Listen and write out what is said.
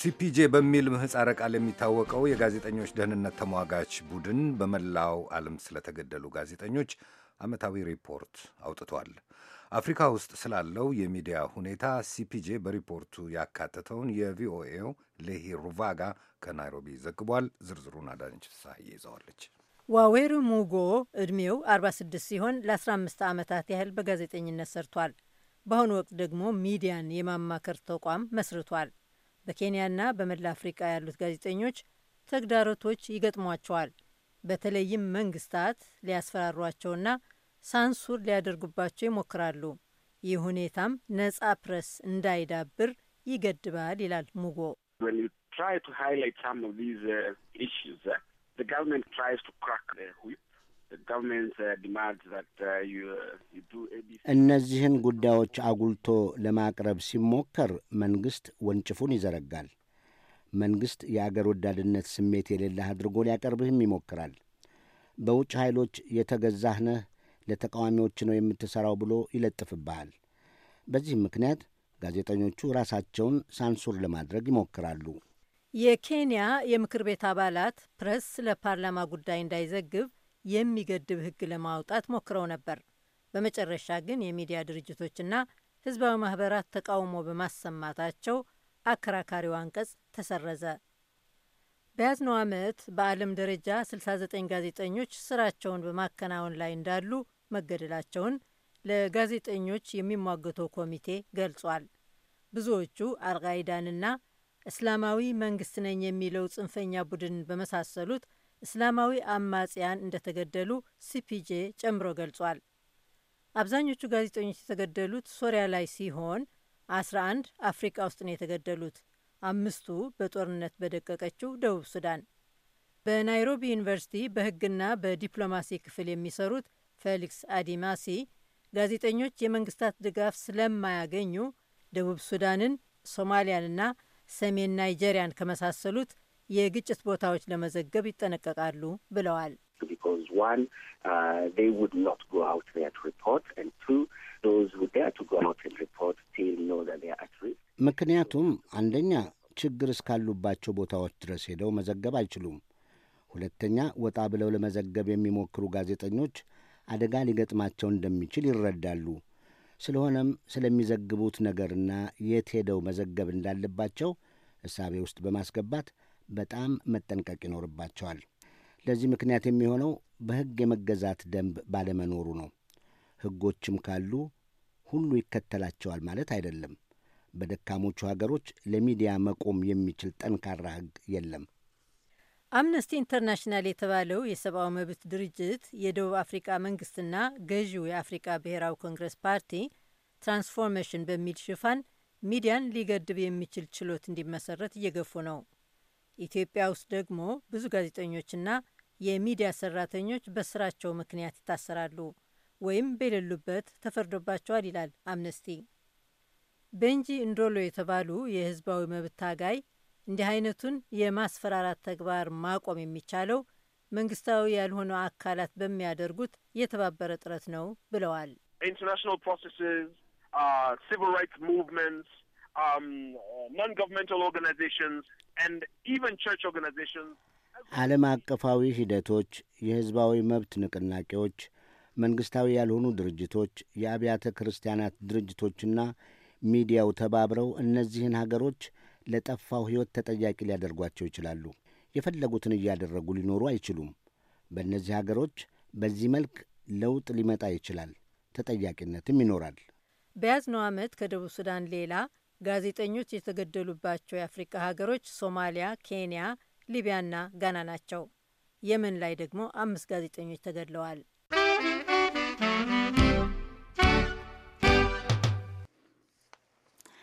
ሲፒጄ በሚል ምህፃረ ቃል የሚታወቀው የጋዜጠኞች ደህንነት ተሟጋች ቡድን በመላው ዓለም ስለተገደሉ ጋዜጠኞች ዓመታዊ ሪፖርት አውጥቷል። አፍሪካ ውስጥ ስላለው የሚዲያ ሁኔታ ሲፒጄ በሪፖርቱ ያካተተውን የቪኦኤው ሌሂ ሩቫጋ ከናይሮቢ ዘግቧል። ዝርዝሩን አዳነች ፍስሐዬ ይዘዋለች። ዋዌሩ ሙጎ ዕድሜው 46 ሲሆን ለ15 ዓመታት ያህል በጋዜጠኝነት ሰርቷል። በአሁኑ ወቅት ደግሞ ሚዲያን የማማከር ተቋም መስርቷል። በኬንያና በመላ አፍሪቃ ያሉት ጋዜጠኞች ተግዳሮቶች ይገጥሟቸዋል። በተለይም መንግስታት ሊያስፈራሯቸውና ሳንሱር ሊያደርጉባቸው ይሞክራሉ። ይህ ሁኔታም ነጻ ፕረስ እንዳይዳብር ይገድባል ይላል ሙጎ። Uh, uh, uh, እነዚህን ጉዳዮች አጉልቶ ለማቅረብ ሲሞከር መንግሥት ወንጭፉን ይዘረጋል። መንግሥት የአገር ወዳድነት ስሜት የሌለህ አድርጎ ሊያቀርብህም ይሞክራል። በውጭ ኃይሎች የተገዛህ ነህ፣ ለተቃዋሚዎች ነው የምትሠራው ብሎ ይለጥፍብሃል። በዚህም ምክንያት ጋዜጠኞቹ ራሳቸውን ሳንሱር ለማድረግ ይሞክራሉ። የኬንያ የምክር ቤት አባላት ፕሬስ ለፓርላማ ጉዳይ እንዳይዘግብ የሚገድብ ህግ ለማውጣት ሞክረው ነበር። በመጨረሻ ግን የሚዲያ ድርጅቶችና ህዝባዊ ማህበራት ተቃውሞ በማሰማታቸው አከራካሪው አንቀጽ ተሰረዘ። በያዝነው ዓመት በዓለም ደረጃ 69 ጋዜጠኞች ስራቸውን በማከናወን ላይ እንዳሉ መገደላቸውን ለጋዜጠኞች የሚሟገተው ኮሚቴ ገልጿል። ብዙዎቹ አልቃይዳንና እስላማዊ መንግስት ነኝ የሚለው ጽንፈኛ ቡድን በመሳሰሉት እስላማዊ አማጽያን እንደተገደሉ ሲፒጄ ጨምሮ ገልጿል። አብዛኞቹ ጋዜጠኞች የተገደሉት ሶሪያ ላይ ሲሆን 11 አፍሪካ ውስጥ ነው የተገደሉት፣ አምስቱ በጦርነት በደቀቀችው ደቡብ ሱዳን። በናይሮቢ ዩኒቨርሲቲ በሕግና በዲፕሎማሲ ክፍል የሚሰሩት ፌሊክስ አዲማሲ ጋዜጠኞች የመንግስታት ድጋፍ ስለማያገኙ ደቡብ ሱዳንን፣ ሶማሊያንና ሰሜን ናይጄሪያን ከመሳሰሉት የግጭት ቦታዎች ለመዘገብ ይጠነቀቃሉ ብለዋል። uh, ምክንያቱም አንደኛ ችግር እስካሉባቸው ቦታዎች ድረስ ሄደው መዘገብ አይችሉም። ሁለተኛ ወጣ ብለው ለመዘገብ የሚሞክሩ ጋዜጠኞች አደጋ ሊገጥማቸው እንደሚችል ይረዳሉ። ስለሆነም ስለሚዘግቡት ነገርና የት ሄደው መዘገብ እንዳለባቸው እሳቤ ውስጥ በማስገባት በጣም መጠንቀቅ ይኖርባቸዋል። ለዚህ ምክንያት የሚሆነው በሕግ የመገዛት ደንብ ባለመኖሩ ነው። ሕጎችም ካሉ ሁሉ ይከተላቸዋል ማለት አይደለም። በደካሞቹ ሀገሮች ለሚዲያ መቆም የሚችል ጠንካራ ሕግ የለም። አምነስቲ ኢንተርናሽናል የተባለው የሰብአዊ መብት ድርጅት የደቡብ አፍሪቃ መንግስትና ገዢው የአፍሪቃ ብሔራዊ ኮንግረስ ፓርቲ ትራንስፎርሜሽን በሚል ሽፋን ሚዲያን ሊገድብ የሚችል ችሎት እንዲመሰረት እየገፉ ነው። ኢትዮጵያ ውስጥ ደግሞ ብዙ ጋዜጠኞችና የሚዲያ ሰራተኞች በስራቸው ምክንያት ይታሰራሉ ወይም በሌሉበት ተፈርዶባቸዋል ይላል አምነስቲ። ቤንጂ እንዶሎ የተባሉ የህዝባዊ መብት ታጋይ እንዲህ አይነቱን የማስፈራራት ተግባር ማቆም የሚቻለው መንግስታዊ ያልሆነ አካላት በሚያደርጉት የተባበረ ጥረት ነው ብለዋል። ኢንተርናሽናል ፕሮሴስስ ሲቪል ራይትስ ሙቭመንትስ Um, uh, ዓለም አቀፋዊ ሂደቶች፣ የሕዝባዊ መብት ንቅናቄዎች፣ መንግሥታዊ ያልሆኑ ድርጅቶች፣ የአብያተ ክርስቲያናት ድርጅቶችና ሚዲያው ተባብረው እነዚህን ሀገሮች ለጠፋው ሕይወት ተጠያቂ ሊያደርጓቸው ይችላሉ። የፈለጉትን እያደረጉ ሊኖሩ አይችሉም። በእነዚህ ሀገሮች በዚህ መልክ ለውጥ ሊመጣ ይችላል፣ ተጠያቂነትም ይኖራል። በያዝነው ዓመት ከደቡብ ሱዳን ሌላ ጋዜጠኞች የተገደሉባቸው የአፍሪቃ ሀገሮች ሶማሊያ፣ ኬንያ፣ ሊቢያና ጋና ናቸው። የመን ላይ ደግሞ አምስት ጋዜጠኞች ተገድለዋል።